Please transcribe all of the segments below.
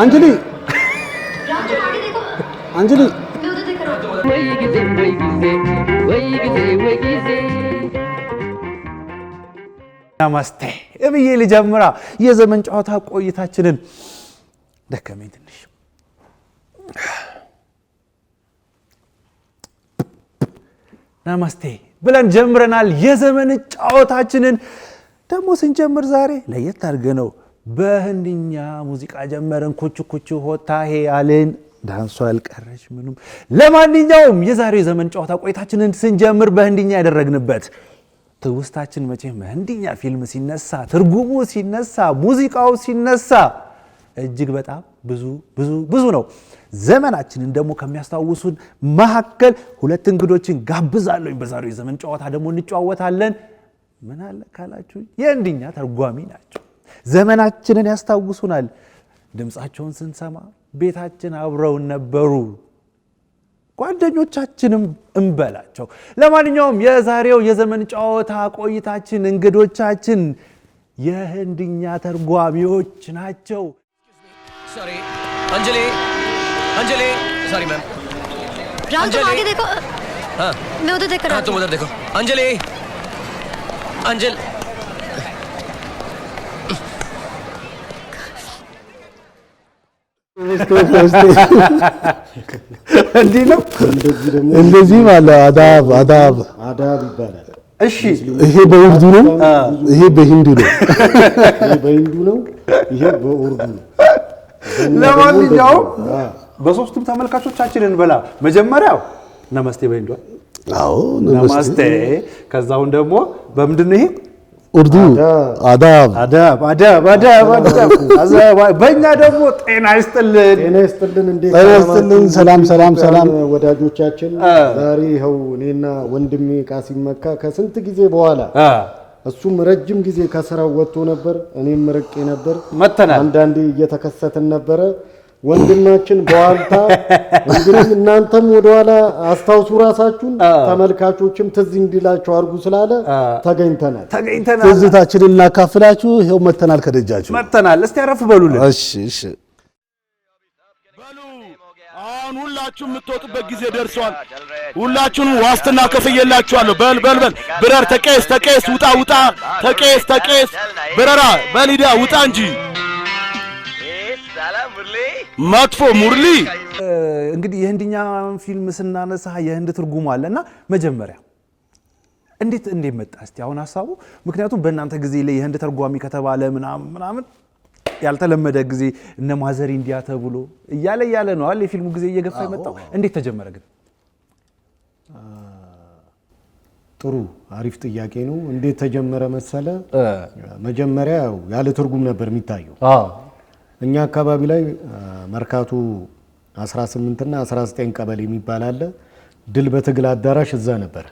አንጅሊ አንጅሊ ናማስቴ እብዬ ልጀምራ የዘመን ጨዋታ ቆይታችንን። ደከመኝ ትንሽ ናማስቴ ብለን ጀምረናል የዘመን ጨዋታችንን። ደግሞ ስንጀምር ዛሬ ለየት አድርገ ነው በህንድኛ ሙዚቃ ጀመረን ኩቹ ኩቹ ሆታ ሄ አለን። ዳንሷ ያልቀረች ምንም። ለማንኛውም የዛሬው ዘመን ጨዋታ ቆይታችንን ስንጀምር በህንድኛ ያደረግንበት ትውስታችን መቼም ህንድኛ ፊልም ሲነሳ፣ ትርጉሙ ሲነሳ፣ ሙዚቃው ሲነሳ እጅግ በጣም ብዙ ብዙ ብዙ ነው። ዘመናችንን ደግሞ ከሚያስታውሱን መካከል ሁለት እንግዶችን ጋብዛለሁ። በዛሬው የዘመን ጨዋታ ደግሞ እንጨዋወታለን። ምን አለ ካላችሁ የህንድኛ ተርጓሚ ናቸው። ዘመናችንን ያስታውሱናል። ድምፃቸውን ስንሰማ ቤታችን አብረውን ነበሩ ጓደኞቻችንም እንበላቸው። ለማንኛውም የዛሬው የዘመን ጨዋታ ቆይታችን እንግዶቻችን የህንድኛ ተርጓሚዎች ናቸው። እንዲህ ነው። እንደዚህ ማለት አዳብ አዳብ አዳብ ይባላል። እሺ ይሄ በኡርዱ ነው። ይሄ በሂንዱ ነው። ይሄ በሂንዱ ነው። ይሄ በኡርዱ ነው። ለማንኛውም በሶስቱም ተመልካቾቻችንን በላ መጀመሪያው ነመስቴ በሂንዱ አዎ፣ ነመስቴ ከዛውን ደግሞ በምንድን ነው ይሄ ኡርዱ አዳብ አዳብ አዳብ አዳብ አዳብ። በእኛ ደግሞ ጤና ይስጥልን፣ ጤና ይስጥልን፣ እንዴት ጤና ይስጥልን። ሰላም ሰላም ሰላም ወዳጆቻችን፣ ዛሬ ይኸው እኔና ወንድሜ ቃሲም መካ ከስንት ጊዜ በኋላ እሱም ረጅም ጊዜ ከስራው ወጥቶ ነበር፣ እኔም ርቄ ነበር። መተናል አንዳንዴ እየተከሰትን ነበረ ወንድማችን በዋልታ እንግዲህ እናንተም ወደኋላ አስታውሱ ራሳችሁን፣ ተመልካቾችም ትዝ እንዲላቸው አድርጉ ስላለ ተገኝተናል ተገኝተናል። ትዝታችንን እናካፍላችሁ ይኸው መተናል፣ ከደጃችሁ መተናል። እስቲ አረፍ በሉልን። እሺ እሺ አሁን ሁላችሁ የምትወጡበት ጊዜ ደርሷል። ሁላችሁንም ዋስትና ከፍየላችኋለሁ። በል በል በል ብረር ተቀስ ተቀስ ውጣ ውጣ ተቀስ ተቀስ ብረራ በሊዳ ውጣ እንጂ መጥፎ ሙርሊ እንግዲህ የህንድኛ ፊልም ስናነሳ የህንድ ትርጉሙ አለ እና መጀመሪያ እንዴት እንዴት መጣ እስቲ አሁን ሀሳቡ ምክንያቱም በእናንተ ጊዜ ላይ የህንድ ተርጓሚ ከተባለ ምናምን ምናምን ያልተለመደ ጊዜ እነ ማዘሪ እንዲያ ተብሎ እያለ እያለ ነው አለ የፊልሙ ጊዜ እየገፋ የመጣው እንዴት ተጀመረ ግን ጥሩ አሪፍ ጥያቄ ነው እንዴት ተጀመረ መሰለ መጀመሪያ ያለ ትርጉም ነበር የሚታየው እኛ አካባቢ ላይ መርካቶ 18 እና 19 ቀበሌ የሚባል አለ። ድል በትግል አዳራሽ እዛ ነበር።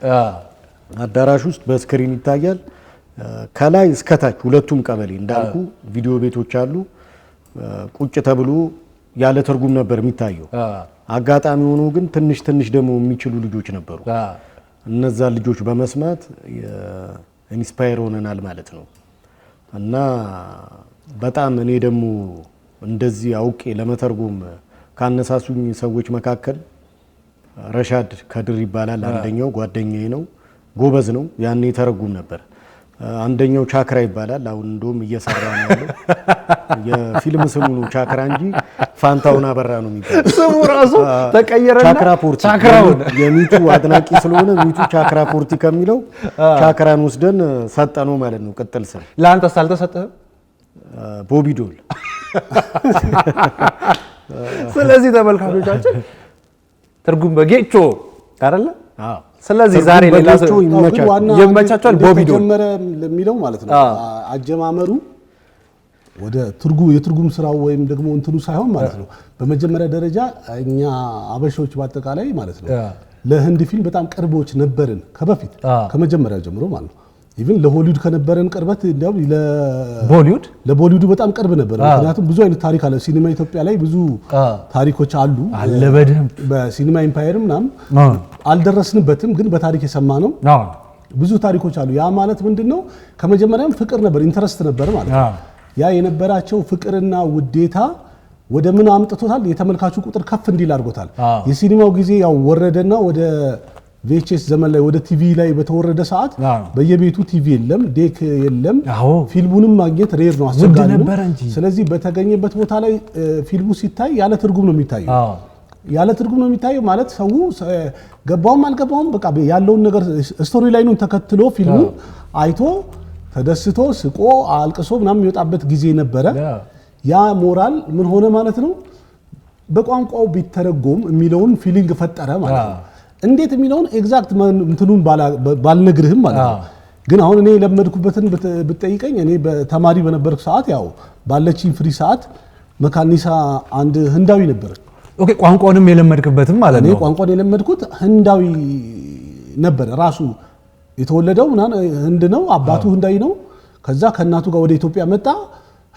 አዳራሽ ውስጥ በስክሪን ይታያል። ከላይ እስከታች ሁለቱም ቀበሌ እንዳልኩ ቪዲዮ ቤቶች አሉ። ቁጭ ተብሎ ያለ ትርጉም ነበር የሚታየው። አጋጣሚ ሆኖ ግን ትንሽ ትንሽ ደግሞ የሚችሉ ልጆች ነበሩ። እነዛን ልጆች በመስማት ኢንስፓየር ሆነናል ማለት ነው እና በጣም እኔ ደግሞ እንደዚህ አውቄ ለመተርጎም ካነሳሱኝ ሰዎች መካከል ረሻድ ከድር ይባላል። አንደኛው ጓደኛዬ ነው፣ ጎበዝ ነው። ያኔ ተረጉም ነበር። አንደኛው ቻክራ ይባላል። አሁን እንደውም እየሰራ ነው ያለው። የፊልም ስሙ ነው ቻክራ እንጂ ፋንታውን አበራ ነው የሚባለው። ስሙ ራሱ ተቀየረና ቻክራ ፖርቲ የሚቱ አድናቂ ስለሆነ ሚቱ ቻክራ ፖርቲ ከሚለው ቻክራን ወስደን ነው ማለት ነው። ቅጥል ስም ለአንተስ አልተሰጠህም? ቦቢዶል ስለዚህ ተመልካቾቻችን ትርጉም በጌጮ አይደለ? ስለዚህ ዛሬ ሌላ ሰው ይመቻቸዋል። ቦቢዶ ጀመረ ለሚለው ማለት ነው አጀማመሩ ወደ የትርጉም ስራው ወይም ደግሞ እንትኑ ሳይሆን ማለት ነው። በመጀመሪያ ደረጃ እኛ አበሾች በአጠቃላይ ማለት ነው ለህንድ ፊልም በጣም ቅርቦች ነበርን ከበፊት ከመጀመሪያ ጀምሮ ማለት ነው። ኢቭን ለሆሊውድ ከነበረን ቅርበት እንዲያውም ለቦሊውድ ለቦሊውዱ በጣም ቅርብ ነበር። ምክንያቱም ብዙ አይነት ታሪክ አለ። ሲኒማ ኢትዮጵያ ላይ ብዙ ታሪኮች አሉ አለ በደንብ በሲኒማ ኢምፓየርም ምናምን አልደረስንበትም፣ ግን በታሪክ የሰማ ነው ብዙ ታሪኮች አሉ። ያ ማለት ምንድን ነው? ከመጀመሪያም ፍቅር ነበር፣ ኢንተረስት ነበር ማለት ነው። ያ የነበራቸው ፍቅርና ውዴታ ወደ ምን አምጥቶታል? የተመልካቹ ቁጥር ከፍ እንዲል አድርጎታል። የሲኒማው ጊዜ ያው ወረደና ወደ ቪኤችኤስ ዘመን ላይ ወደ ቲቪ ላይ በተወረደ ሰዓት በየቤቱ ቲቪ የለም፣ ዴክ የለም። ፊልሙንም ማግኘት ሬር ነው፣ አስቸጋሪ ነው። ስለዚህ በተገኘበት ቦታ ላይ ፊልሙ ሲታይ ያለ ትርጉም ነው የሚታየው። ያለ ትርጉም ነው የሚታየው ማለት ሰው ገባውም አልገባውም በቃ ያለውን ነገር ስቶሪ ላይኑን ተከትሎ ፊልሙን አይቶ ተደስቶ ስቆ አልቅሶ ምናምን የሚወጣበት ጊዜ ነበረ። ያ ሞራል ምን ሆነ ማለት ነው በቋንቋው ቢተረጎም የሚለውን ፊሊንግ ፈጠረ ማለት ነው። እንዴት የሚለውን ኤግዛክት እንትኑን ባልነግርህም ማለት ነው። ግን አሁን እኔ የለመድኩበትን ብትጠይቀኝ እኔ ተማሪ በነበርኩ ሰዓት ያው ባለችኝ ፍሪ ሰዓት መካኒሳ አንድ ህንዳዊ ነበር። ኦኬ ቋንቋውንም የለመድክበትም ማለት ነው? ቋንቋን የለመድኩት ህንዳዊ ነበር። ራሱ የተወለደው ህንድ ነው፣ አባቱ ህንዳዊ ነው። ከዛ ከእናቱ ጋር ወደ ኢትዮጵያ መጣ።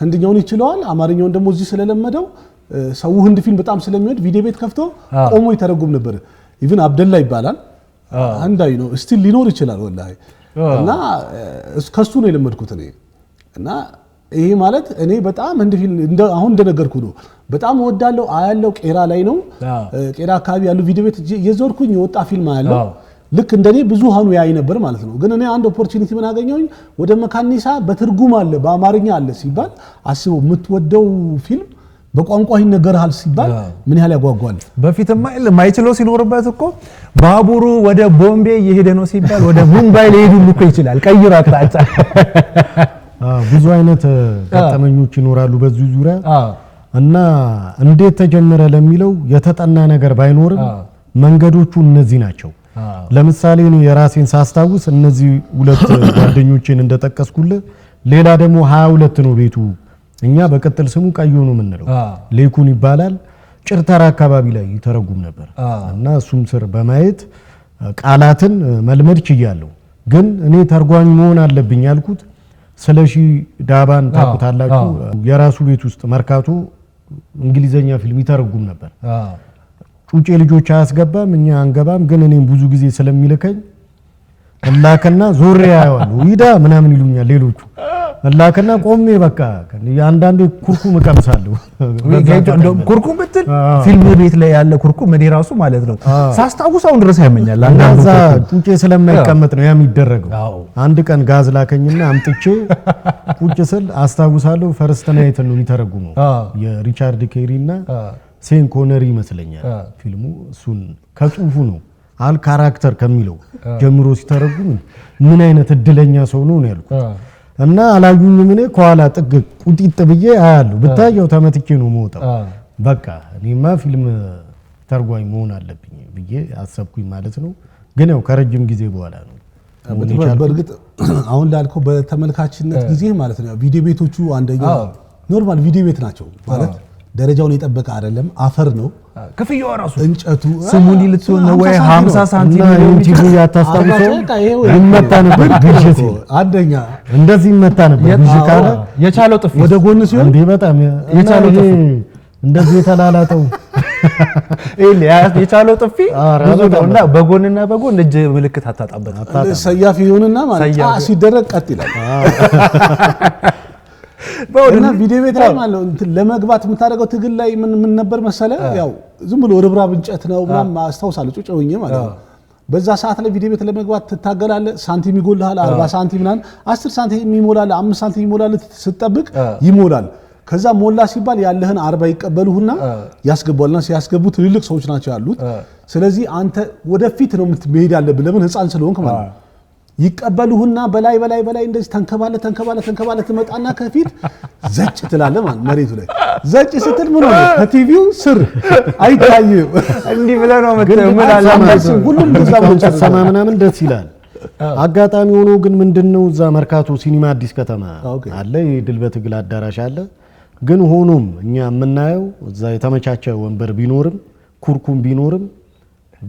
ህንድኛውን ይችለዋል። አማርኛውን ደግሞ እዚህ ስለለመደው ሰው ህንድ ፊልም በጣም ስለሚወድ ቪዲዮ ቤት ከፍቶ ቆሞ ይተረጉም ነበር። ኢቭን አብደላ ይባላል አንዳይ ነው ስቲል ሊኖር ይችላል ወላሂ። እና ከሱ ነው የለመድኩት እኔ እና ይሄ ማለት እኔ በጣም አሁን እንደነገርኩ ነው። በጣም ወዳለው አያለው። ቄራ ላይ ነው ቄራ አካባቢ ያሉ ቪዲዮ ቤት የዞርኩኝ የወጣ ፊልም አያለው። ልክ እንደኔ ብዙሃኑ ያይ ነበር ማለት ነው። ግን እኔ አንድ ኦፖርቹኒቲ ምን አገኘሁኝ? ወደ መካኒሳ በትርጉም አለ በአማርኛ አለ ሲባል አስበው የምትወደው ፊልም በቋንቋ ይነገርሃል ሲባል ምን ያህል ያጓጓል። በፊትማ ማይችለው ሲኖርበት እኮ ባቡሩ ወደ ቦምቤ እየሄደ ነው ሲባል ወደ ሙምባይ ሊሄዱ ሁሉ ይችላል። ቀይር አቅጣጫ። ብዙ አይነት ገጠመኞች ይኖራሉ በዚህ ዙሪያ እና እንዴት ተጀመረ ለሚለው የተጠና ነገር ባይኖርም መንገዶቹ እነዚህ ናቸው። ለምሳሌ እኔ የራሴን ሳስታውስ እነዚህ ሁለት ጓደኞቼን እንደጠቀስኩልህ ሌላ ደግሞ 22 ነው ቤቱ እኛ በቅጥል ስሙ ቀዩ ነው የምንለው። ሌኩን ይባላል። ጭርተራ አካባቢ ላይ ይተረጉም ነበር እና እሱም ስር በማየት ቃላትን መልመድ ችያለሁ። ግን እኔ ተርጓኝ መሆን አለብኝ ያልኩት ስለሺ ዳባን ታውቁታላችሁ። የራሱ ቤት ውስጥ መርካቶ እንግሊዘኛ ፊልም ይተረጉም ነበር። ጩጬ ልጆች አያስገባም፣ እኛ አንገባም። ግን እኔም ብዙ ጊዜ ስለሚልከኝ እላክና ዙሪያ ያየዋል ዊዳ ምናምን ይሉኛል ሌሎቹ። እላክና ቆሜ በቃ አንዳንዴ ኩርኩም እቀምሳለሁ። ኩርኩም ብትል ፊልም ቤት ላይ ያለ ኩርኩም እኔ ራሱ ማለት ነው ሳስታውስ አሁን ድረስ ያመኛል። እዛ ቁጭ ስለማይቀመጥ ነው ያ የሚደረገው። አንድ ቀን ጋዝ ላከኝና አምጥቼ ቁጭ ስል አስታውሳለሁ። ፈርስት ናይት ነው የሚተረጉመው የሪቻርድ ኬሪ እና ሴን ኮነሪ ይመስለኛል ፊልሙ። እሱን ከጽሁፉ ነው አል ካራክተር ከሚለው ጀምሮ ሲተረጉም ምን አይነት እድለኛ ሰው ነው ነው ያልኩት። እና አላዩኝም። እኔ ከኋላ ጥግ ቁጢጥ ብዬ አያለሁ። ብታየው ተመትቼ ነው መውጣው። በቃ እኔማ ፊልም ተርጓኝ መሆን አለብኝ ብዬ አሰብኩኝ ማለት ነው። ግን ያው ከረጅም ጊዜ በኋላ ነው። በእርግጥ አሁን ላልከው በተመልካችነት ጊዜ ማለት ነው ቪዲዮ ቤቶቹ አንደኛ ኖርማል ቪዲዮ ቤት ናቸው ማለት ደረጃውን የጠበቀ አይደለም፣ አፈር ነው ክፍያዋ ራሱ እንጨቱ ስሙኒ ልትሆን ነው 50 ሳንቲም ይመታ ነበር ግዥት አንደኛ እንደዚህ ይመታ ነበር ካለ የቻለው ወደ ጎን ሲሆን እንዴ በጣም የቻለው እንደዚህ የተላላጠው የቻለው ጥፊ ብዙ በጎንና በጎን እጅ ምልክት አታጣበት። ሰያፍ ይሁንና ማለት ሲደረግ ቀጥ ይላል። እና ቪዲዮ ቤት ላይ ማለት ነው ለመግባት የምታደርገው ትግል ላይ ምን ምን ነበር መሰለ፣ ያው ዝም ብሎ ርብራብ እንጨት ነው ምናምን አስታውሳለሁ፣ ጩጭ ሆኜ ማለት ነው። በዛ ሰዓት ላይ ቪዲዮ ቤት ለመግባት ትታገላለህ። ሳንቲም ይጎልሃል፣ 40 ሳንቲም ምናምን፣ 10 ሳንቲም ይሞላል፣ 5 ሳንቲም ይሞላል፣ ስትጠብቅ ይሞላል። ከዛ ሞላ ሲባል ያለህን አርባ ይቀበሉህና ያስገባልና ሲያስገቡ ትልልቅ ሰዎች ናቸው ያሉት። ስለዚህ አንተ ወደፊት ነው የምትሄድ ያለብህ፣ ለምን ህፃን ስለሆንክ ማለት ነው ይቀበሉህና በላይ በላይ በላይ እንደዚህ ተንከባለ ተንከባለ ተንከባለ ትመጣና ከፊት ዘጭ ትላለ ማለት መሬቱ ላይ ዘጭ ስትል ምን ሆነ? ከቲቪው ስር አይታይም። እንዲህ ብለ ነው ሁሉም ዛ ሰማ ምናምን ደስ ይላል። አጋጣሚ ሆኖ ግን ምንድን ነው እዛ መርካቶ ሲኒማ አዲስ ከተማ አለ፣ ድል በትግል አዳራሽ አለ። ግን ሆኖም እኛ የምናየው እዛ የተመቻቸ ወንበር ቢኖርም ኩርኩም ቢኖርም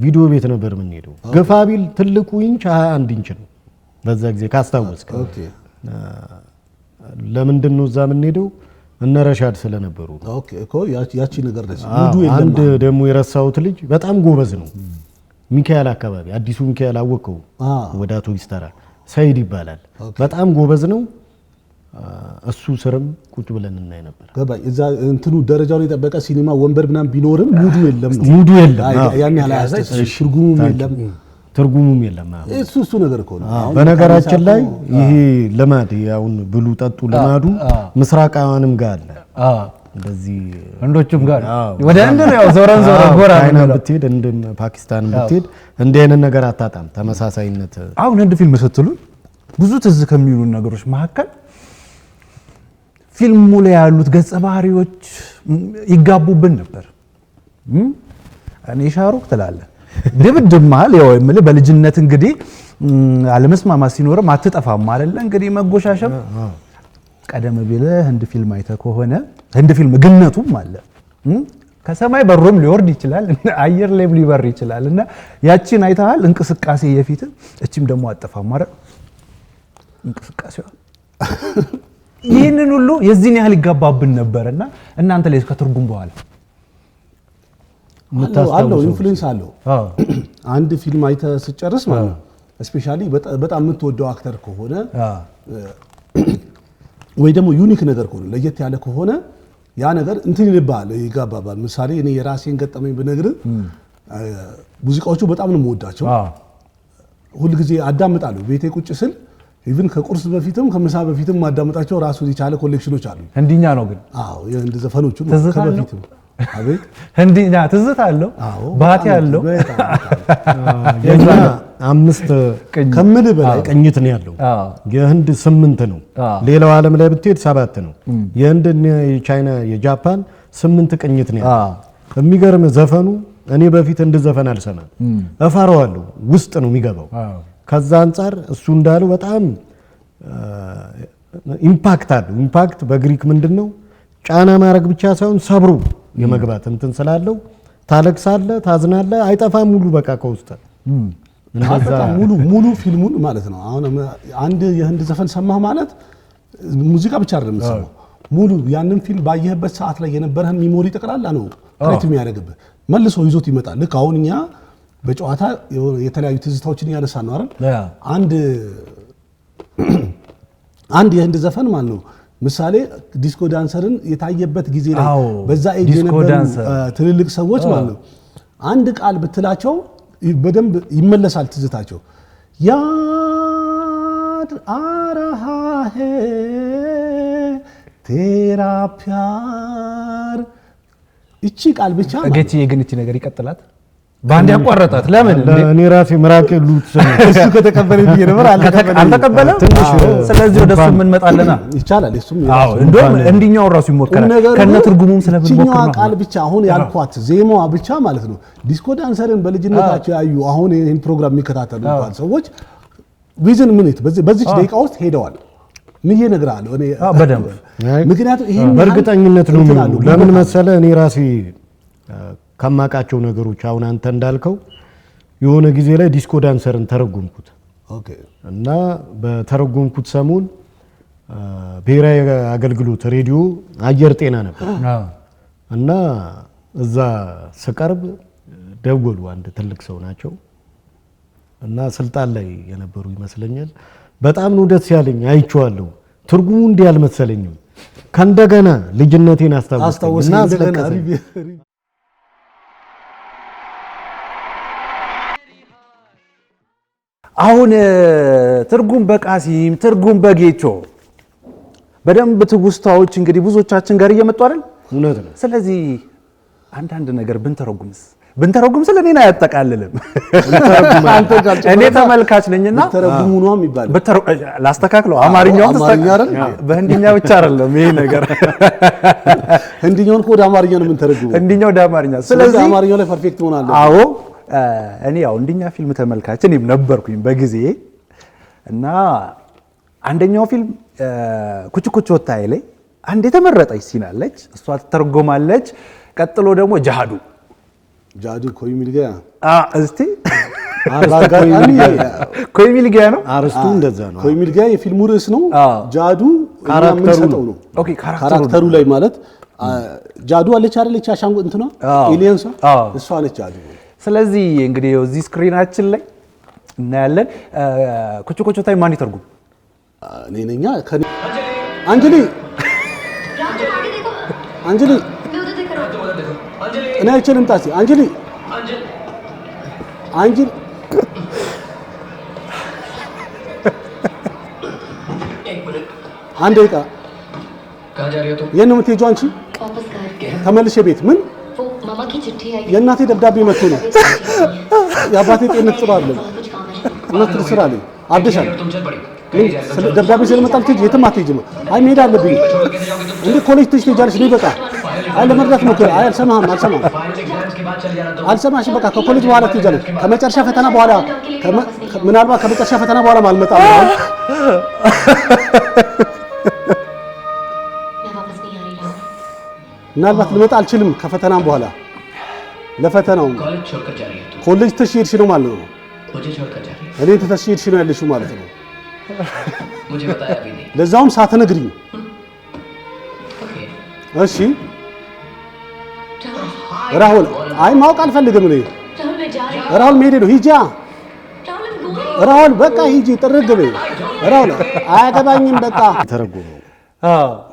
ቪዲዮ ቤት ነበር የምንሄደው። ግፋ ቢል ትልቁ ኢንች 21 ኢንች ነው። በዛ ጊዜ ካስታወስክ ለምንድን ነው እዛ የምንሄደው? እነ ረሻድ ስለነበሩ ያቺ ነገር አንድ ደግሞ የረሳሁት ልጅ በጣም ጎበዝ ነው። ሚካኤል አካባቢ አዲሱ ሚካኤል አወቀው ወደ አቶ ተራ ሰይድ ይባላል። በጣም ጎበዝ ነው። እሱ ስርም ቁጭ ብለን እናይ ነበር። እዛ እንትኑ ደረጃውን የጠበቀ ሲኒማ ወንበር ምናምን ቢኖርም ሙዱ የለም፣ ሙዱ የለም፣ ያን ያህል ትርጉሙም የለም። ትርጉሙም የለም። እሱ እሱ ነገር እኮ ነው። በነገራችን ላይ ይሄ ልማድ አሁን ብሉ ጠጡ ልማዱ ምስራቃውያንም ጋር አለ፣ እንደዚህ ህንዶችም ጋር ወደ ህንድ ነው ያው ዞረን ዞረን ጎራ አይና ብትሄድ ህንድም ፓኪስታን ብትሄድ እንዲህ አይነት ነገር አታጣም ተመሳሳይነት። አሁን ህንድ ፊልም ስትሉን ብዙ ትዝ ከሚሉን ነገሮች መካከል ፊልሙ ላይ ያሉት ገጸ ባህሪዎች ይጋቡብን ነበር። እኔ ሻሩክ ትላለን ድብድብ ማል ያው የምልህ በልጅነት እንግዲህ አለመስማማት ሲኖርም አትጠፋም አይደለ? እንግዲህ መጎሻሸም ቀደም ብለህ ህንድ ፊልም አይተህ ከሆነ ህንድ ፊልም ግነቱም አለ ከሰማይ በሮም ሊወርድ ይችላል፣ አየር ላይም ሊበር ይችላል። እና ያቺን አይተሃል እንቅስቃሴ የፊት እችም ደግሞ አጠፋም ማረ እንቅስቃሴዋ ይህንን ሁሉ የዚህን ያህል ይጋባብን ነበርና እናንተ ላይ ከትርጉም በኋላ አለው ኢንፍሉዌንስ አለው። አንድ ፊልም አይተ ስጨርስ ማለት ነው በጣም የምትወደው አክተር ከሆነ ወይ ደግሞ ዩኒክ ነገር ከሆነ ለየት ያለ ከሆነ ያ ነገር እንትን ይልባል ይጋባባል። ምሳሌ እኔ የራሴን ገጠመኝ ብነግር ሙዚቃዎቹ በጣም ነው የምወዳቸው። ሁልጊዜ አዳምጣለሁ ቤቴ ቁጭ ስል ኢቭን ከቁርስ በፊትም ከምሳ በፊትም ማዳምጣቸው ራሱ የቻለ ኮሌክሽኖች አሉ። እንዲኛ ነው ግን አዎ ዘፈኖቹ ከበፊትም ህንዲ ናት። ትዝታ አለው ባቲ አለው አምስት ከምልህ በላይ ቅኝት ነው ያለው። የህንድ ስምንት ነው። ሌላው ዓለም ላይ ብትሄድ ሰባት ነው። የህንድ፣ የቻይና፣ የጃፓን ስምንት ቅኝት ነው ያለው። የሚገርም ዘፈኑ እኔ በፊት እንድ ዘፈን አልሰማም እፈራዋለሁ። ውስጥ ነው የሚገባው። ከዛ አንጻር እሱ እንዳለው በጣም ኢምፓክት አለው። ኢምፓክት በግሪክ ምንድን ነው ጫና ማድረግ ብቻ ሳይሆን ሰብሩ የመግባት እንትን ስላለው ታለቅሳለ፣ ታዝናለ፣ አይጠፋም ሙሉ በቃ ከውስጥ ሙሉ ሙሉ ፊልሙን ማለት ነው። አሁን አንድ የህንድ ዘፈን ሰማህ ማለት ሙዚቃ ብቻ አይደለም ሰማህ ሙሉ ያንን ፊልም ባየህበት ሰዓት ላይ የነበረህን ሚሞሪ ጠቅላላ ነው ክሬት የሚያደርግብህ መልሶ ይዞት ይመጣል። ልክ አሁን እኛ በጨዋታ የተለያዩ ትዝታዎችን እያነሳን ነው አይደል? አንድ አንድ የህንድ ዘፈን ማለት ነው ምሳሌ ዲስኮ ዳንሰርን የታየበት ጊዜ ላይ በዛ ኤጅ የነበሩ ትልልቅ ሰዎች ማለት ነው አንድ ቃል ብትላቸው በደንብ ይመለሳል ትዝታቸው። ያድ አረሃሄ ቴራፒያር እቺ ቃል ብቻ ጌትዬ ግን እቺ ነገር ይቀጥላት በአንድ ያቋረጣት ለምን? እኔ ራሴ ምራቅ ሉት እሱ ከተቀበለ ብዬ ነበር። አልተቀበለ። ስለዚህ ወደ እሱ የምንመጣለና ይቻላል። እሱም አዎ፣ እንደውም እንዲኛው ራሱ ይሞከራል ከነ ትርጉሙም ስለምንሞክር ነው። ቃል ብቻ አሁን ያልኳት ዜማዋ ብቻ ማለት ነው። ዲስኮ ዳንሰርን በልጅነታቸው ያዩ አሁን ይህን ፕሮግራም የሚከታተሉ እንኳን ሰዎች ዊዝን ሚኒት በዚች ደቂቃ ውስጥ ሄደዋል። ምን ይነግራሉ? እኔ በደንብ ምክንያቱም ይሄን በእርግጠኝነት ነው። ለምን መሰለ እኔ ራሴ ከማቃቸው ነገሮች አሁን አንተ እንዳልከው የሆነ ጊዜ ላይ ዲስኮ ዳንሰርን ተረጎምኩት እና በተረጎምኩት ሰሞን ብሔራዊ አገልግሎት ሬዲዮ አየር ጤና ነበር እና እዛ ስቀርብ ደወሉ። አንድ ትልቅ ሰው ናቸው እና ስልጣን ላይ የነበሩ ይመስለኛል። በጣም ነው ደስ ያለኝ። አይቼዋለሁ፣ ትርጉሙ እንዲህ አልመሰለኝም። ከእንደገና ልጅነቴን አስታወስኩኝ አሁን ትርጉም በቃሲም ትርጉም በጌቾ በደንብ ትውስታዎች እንግዲህ ብዙዎቻችን ጋር እየመጡ አይደል? እውነት ነው። ስለዚህ አንዳንድ ነገር ብንተረጉምስ ብንተረጉም ስለ እኔን አያጠቃልልም። እኔ ተመልካች ነኝና ላስተካክለው። አማርኛውን በህንድኛ ብቻ አይደለም ይሄ ነገር፣ ህንድኛውን ወደ አማርኛ ነው የምንተረጉመው። ህንድኛው ወደ አማርኛ ስለዚህ አማርኛው ላይ ፐርፌክት ሆናለሁ። አዎ እኔ ያው እንደኛ ፊልም ተመልካች እኔም ነበርኩኝ በጊዜ እና አንደኛው ፊልም ኩችኩች ወታ ላይ አንድ የተመረጠች ሲን አለች፣ እሷ ትተረጎማለች። ቀጥሎ ደግሞ ጃዱ ጃሃዱ ኮይሚል ገያ እስቲ ኮይ ሚልጋ ነው አርስቱ፣ እንደዛ ነው። ኮይ ሚልጋ የፊልሙ ርዕስ ነው። ጃዱ ካራክተሩ ነው። ኦኬ ካራክተሩ ላይ ማለት ጃዱ አለች አደለች፣ አሻንጉ እንትኗ ኤሊየንሷ እሷ ነች ጃዱ ስለዚህ እንግዲህ እዚህ ስክሪናችን ላይ እናያለን። ኮቾ ታይ ማን ይተርጉም? እኔ ነኝ። አንጀሊ አንጀሊ እኔ አይችልም። ጣሲ አንጀሊ አንጀሊ አንዴ ቃ የት ነው የምትሄጂው አንቺ? ተመልሼ ቤት ምን የእናቴ ደብዳቤ መጥቶ ነው የአባቴ ጤንነት ጥሩ አይደለም። እውነት ስራ ላይ አብደሻል። ደብዳቤ ስለመጣ ልትሄጂ የትም አትሄጂም። አይ መሄድ አለብኝ እንዴ ኮሌጅ ትሄጂ ትሄጃለሽ። እኔ በቃ አይ ለመርዳት ሞክር። አይ አልሰማህም፣ አልሰማህም፣ አልሰማሽም። በቃ ከኮሌጅ በኋላ ትሄጃለሽ። ከመጨረሻ ፈተና በኋላ ምናልባት ከመጨረሻ ፈተና በኋላ አልመጣም ምናልባት ልመጣ አልችልም ከፈተናም በኋላ ለፈተናው ኮሌጅ ተሽሄድሽ ነው ማለት ነው። እኔ ተሽሄድሽ ነው ያለሽው ማለት ነው። ለዛውም ሳትነግሪኝ። እሺ ራሁል፣ አይ ማወቅ አልፈልግም እኔ ራሁል መሄዴ ነው። ሂጂ ራሁል፣ በቃ ሂጂ፣ ጥርግ በይ ራሁል፣ አያገባኝም በቃ ተረጎመው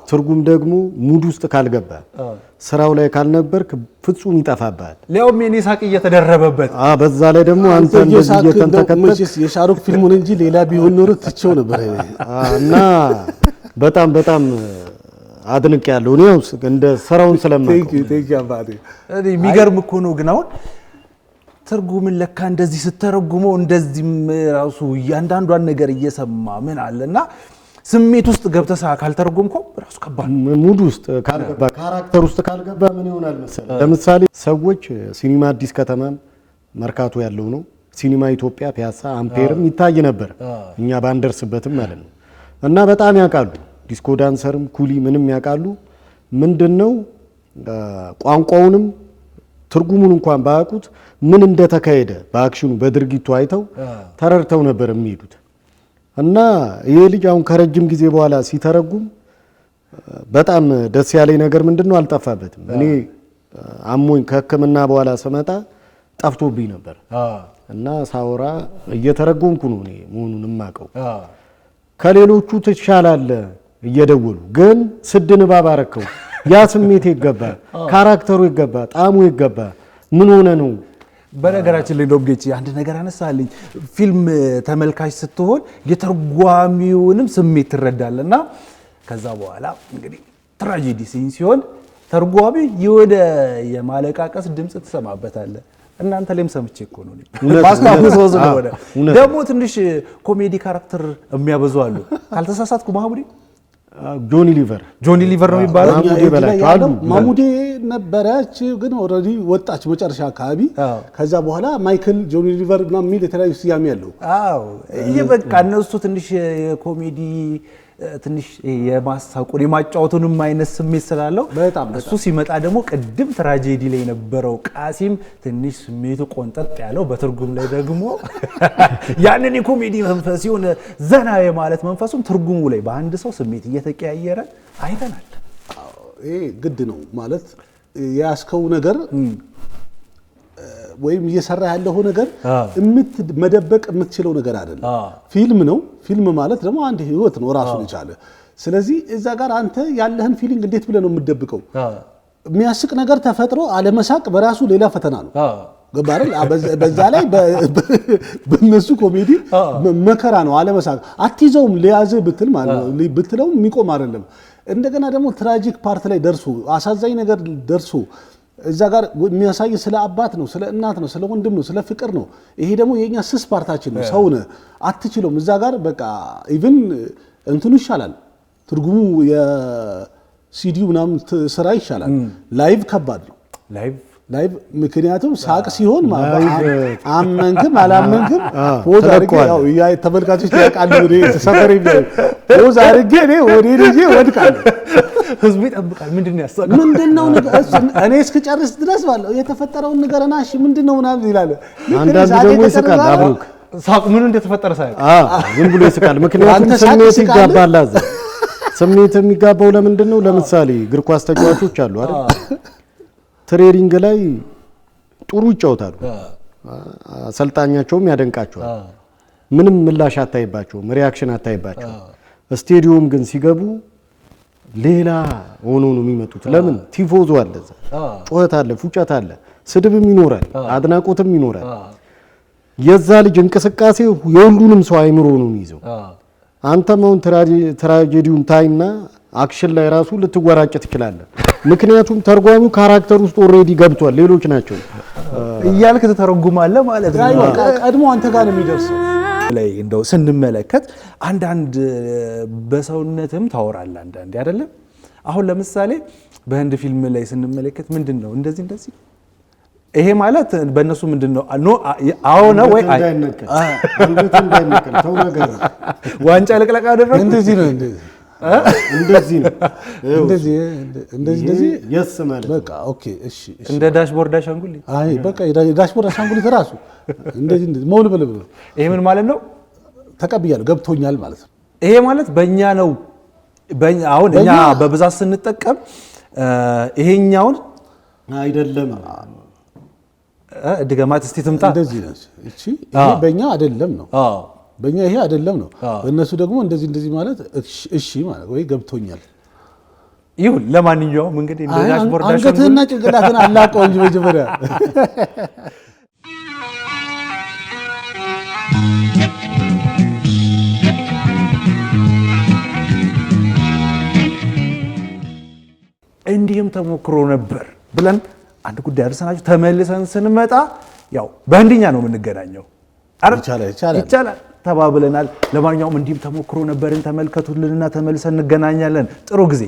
ትርጉም ደግሞ ሙድ ውስጥ ካልገባ ስራው ላይ ካልነበርክ ፍጹም ይጠፋባል። ሊያውም የኔ ሳቅ እየተደረበበት በዛ ላይ ደግሞ አንተ እየተንተከተክ የሻሩክ ፊልሙን እንጂ ሌላ ቢሆን ኖሮ ትቼው ነበር እና በጣም በጣም አድንቅ ያለው እኔ ያው እንደ ስራውን ስለማውቀው የሚገርም እኮ ነው። ግን አሁን ትርጉምን ለካ እንደዚህ ስተረጉመው እንደዚህም ራሱ እያንዳንዷን ነገር እየሰማ ምን አለና ስሜት ውስጥ ገብተህ ካልተረጎምከው ራሱ ከባድ ሙድ ውስጥ ካልገባ ካራክተር ውስጥ ካልገባ ምን ይሆናል መሰለህ። ለምሳሌ ሰዎች ሲኒማ አዲስ ከተማም መርካቶ ያለው ነው፣ ሲኒማ ኢትዮጵያ፣ ፒያሳ፣ አምፔርም ይታይ ነበር እኛ ባንደርስበትም ማለት ነው። እና በጣም ያውቃሉ፣ ዲስኮ ዳንሰርም ኩሊ ምንም ያውቃሉ። ምንድነው ቋንቋውንም ትርጉሙን እንኳን ባያውቁት ምን እንደተካሄደ በአክሽኑ በድርጊቱ አይተው ተረድተው ነበር የሚሄዱት። እና ይሄ ልጅ አሁን ከረጅም ጊዜ በኋላ ሲተረጉም በጣም ደስ ያለኝ ነገር ምንድን ነው አልጠፋበትም። እኔ አሞኝ ከሕክምና በኋላ ስመጣ ጠፍቶብኝ ነበር እና ሳወራ እየተረጎምኩ ነው እኔ መሆኑን የማውቀው። ከሌሎቹ ትሻላለ እየደወሉ ግን ስድ ንባብ አረከው ያ ስሜት ይገባ፣ ካራክተሩ ይገባ፣ ጣዕሙ ይገባ። ምን ሆነ ነው በነገራችን ላይ ዶብ ጌች አንድ ነገር አነሳልኝ። ፊልም ተመልካች ስትሆን የተርጓሚውንም ስሜት ትረዳለህ እና ከዛ በኋላ እንግዲህ ትራጀዲ ሲን ሲሆን ተርጓሚ የወደ የማለቃቀስ ድምፅ ትሰማበታለ። እናንተ ላይም ሰምቼ እኮ ነው ማስታወሰው ስለሆነ ደግሞ ትንሽ ኮሜዲ ካራክተር የሚያበዙ አሉ። ካልተሳሳትኩ ማህሙዲ ጆኒ ሊቨር ጆኒ ሊቨር ነው የሚባለው። ማሙዴ ነበረች ግን ኦልሬዲ ወጣች መጨረሻ አካባቢ። ከዛ በኋላ ማይክል ጆኒ ሊቨር ምናምን የሚል የተለያዩ ስያሜ ያለው ይህ በቃ እነሱ ትንሽ የኮሜዲ ትንሽ የማሳቁን የማጫወቱንም አይነት ስሜት ስላለው እሱ ሲመጣ ደግሞ ቅድም ትራጀዲ ላይ የነበረው ቃሲም ትንሽ ስሜቱ ቆንጠጥ ያለው በትርጉም ላይ ደግሞ ያንን የኮሜዲ መንፈስ ሲሆን ዘና የማለት መንፈሱም ትርጉሙ ላይ በአንድ ሰው ስሜት እየተቀያየረ አይተናል። ይሄ ግድ ነው ማለት የያዝከው ነገር ወይም እየሰራ ያለው ነገር መደበቅ የምትችለው ነገር አይደለም። ፊልም ነው። ፊልም ማለት ደግሞ አንድ ህይወት ነው ራሱን የቻለ። ስለዚህ እዛ ጋር አንተ ያለህን ፊሊንግ እንዴት ብለህ ነው የምትደብቀው? የሚያስቅ ነገር ተፈጥሮ አለመሳቅ በራሱ ሌላ ፈተና ነው። ገባረል በዛ ላይ በነሱ ኮሜዲ መከራ ነው አለመሳቅ። አትይዘውም ሊያዝህ ብትል ማለት ብትለውም የሚቆም አይደለም። እንደገና ደግሞ ትራጂክ ፓርት ላይ ደርሶ አሳዛኝ ነገር ደርሶ እዛ ጋር የሚያሳይ ስለ አባት ነው፣ ስለ እናት ነው፣ ስለ ወንድም ነው፣ ስለ ፍቅር ነው። ይሄ ደግሞ የኛ ስስ ፓርታችን ነው። ሰውነ አትችለውም። እዛ ጋር በቃ ኢቭን እንትኑ ይሻላል ትርጉሙ የሲዲው ምናምን ስራ ይሻላል። ላይቭ ከባድ ነው። ላይ ምክንያቱም ሳቅ ሲሆን አመንክም አላመንክም ፖዝ አድርጌ ተመልካቾች ያውቃሉ። ሰፈር ፖዝ እኔ ልጄ ወድቃለሁ። ህዝቡ ይጠብቃል። ምንድን ነው ያሳቀው? ምንድን ነው እኔ እስክጨርስ ድረስ ባለው የተፈጠረውን ንገረና እሺ፣ ምንድን ነው ምናምን ይላል። ደግሞ ይስቃል። አብሩክ ምን እንደተፈጠረ ሳያውቅ ዝም ብሎ ይስቃል። ምክንያቱም ስሜት ይጋባል። ስሜት የሚጋባው ለምንድን ነው? ለምሳሌ እግር ኳስ ተጫዋቾች አሉ አይደል ትሬዲንግ ላይ ጥሩ ይጫወታሉ። አሰልጣኛቸውም ያደንቃቸዋል። ምንም ምላሽ አታይባቸውም፣ ሪያክሽን አታይባቸው። ስቴዲዮም ግን ሲገቡ ሌላ ሆኖ ነው የሚመጡት። ለምን ቲፎዞ አለ፣ ጩኸት አለ፣ ፉጨት አለ፣ ስድብም ይኖራል፣ አድናቆትም ይኖራል። የዛ ልጅ እንቅስቃሴ የሁሉንም ሰው አይምሮ ነው የሚይዘው። አንተም አሁን ትራጀዲውን ታይና አክሽን ላይ ራሱ ልትወራጭ ትችላለህ። ምክንያቱም ተርጓሚ ካራክተር ውስጥ ኦልሬዲ ገብቷል። ሌሎች ናቸው እያልክ ትተረጉማለህ ማለት ነው። ቀድሞ አንተ ጋር ነው የሚደርሰው። ላይ እንደው ስንመለከት አንዳንድ በሰውነትም ታወራለህ አንዳንዴ አይደለም። አሁን ለምሳሌ በህንድ ፊልም ላይ ስንመለከት ምንድን ነው እንደዚህ እንደዚህ ይሄ ማለት በእነሱ ምንድን ነው? አዎ ነው ወይ? ዋንጫ ልቅለቅ አደረግ እንደዚህ ነው እንደዚህ ነው እንደዚህ እንደዚህ የስ ማለት በቃ ኦኬ፣ እሺ፣ እንደ ዳሽቦርድ አሻንጉሊት። አይ በቃ ዳሽቦርድ አሻንጉሊት ራሱ እንደዚህ እንደዚህ መውል ብለ ይሄ ምን ማለት ነው? ተቀብያለሁ፣ ገብቶኛል ማለት ነው። ይሄ ማለት በእኛ ነው። አሁን እኛ በብዛት ስንጠቀም ይሄኛውን አይደለም ድገማት እስቲ ትምጣ። እንደዚህ ነች እቺ። ይሄ በእኛ አይደለም ነው በእኛ ይሄ አይደለም ነው። እነሱ ደግሞ እንደዚህ እንደዚህ ማለት እሺ ማለት ወይ ገብቶኛል ይሁን። ለማንኛውም እንግዲህ አንገትህና ጭንቅላትን አላቀው እንጂ መጀመሪያ እንዲህም ተሞክሮ ነበር ብለን አንድ ጉዳይ አድርሰናቸው ተመልሰን ስንመጣ ያው በህንድኛ ነው የምንገናኘው። ይቻላል ይቻላል። ተባብለናል። ለማንኛውም እንዲህም ተሞክሮ ነበርን። ተመልከቱልንና ተመልሰን እንገናኛለን። ጥሩ ጊዜ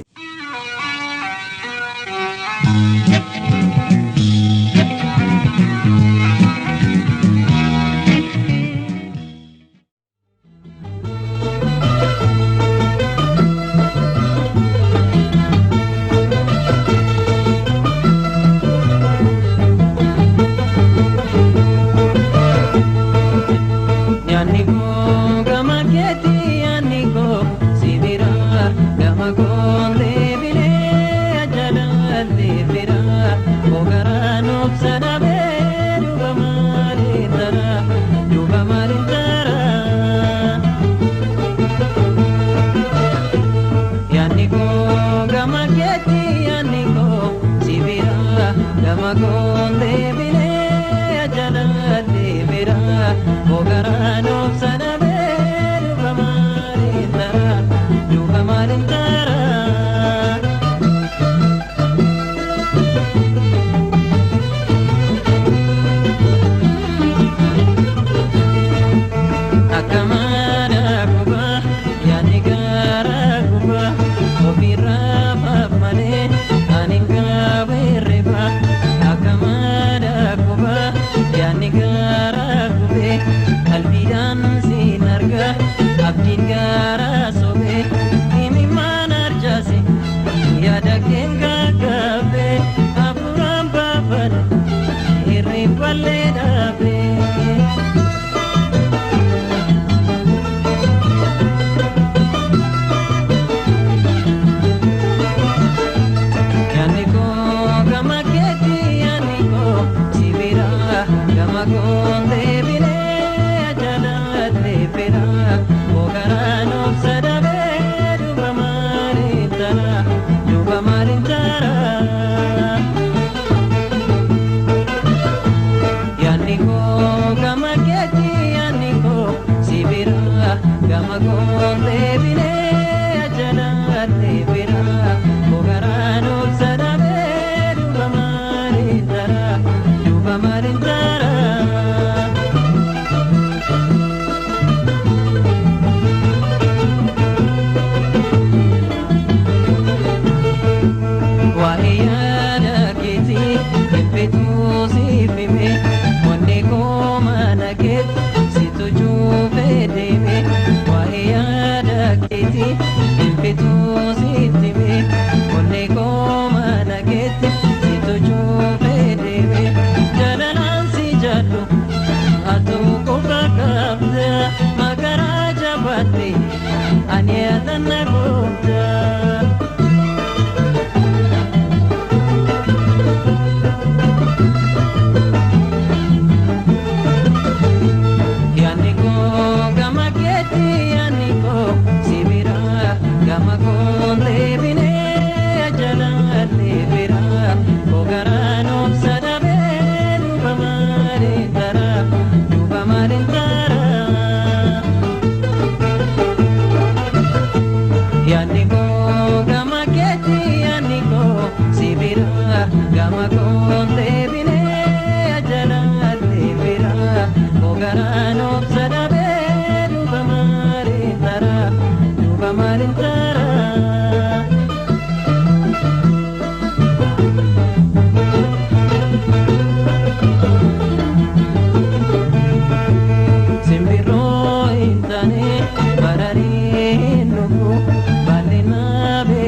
ያደግ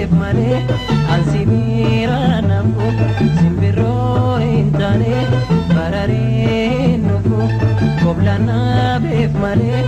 ib malee an nam'u simbirroo hin taane nuku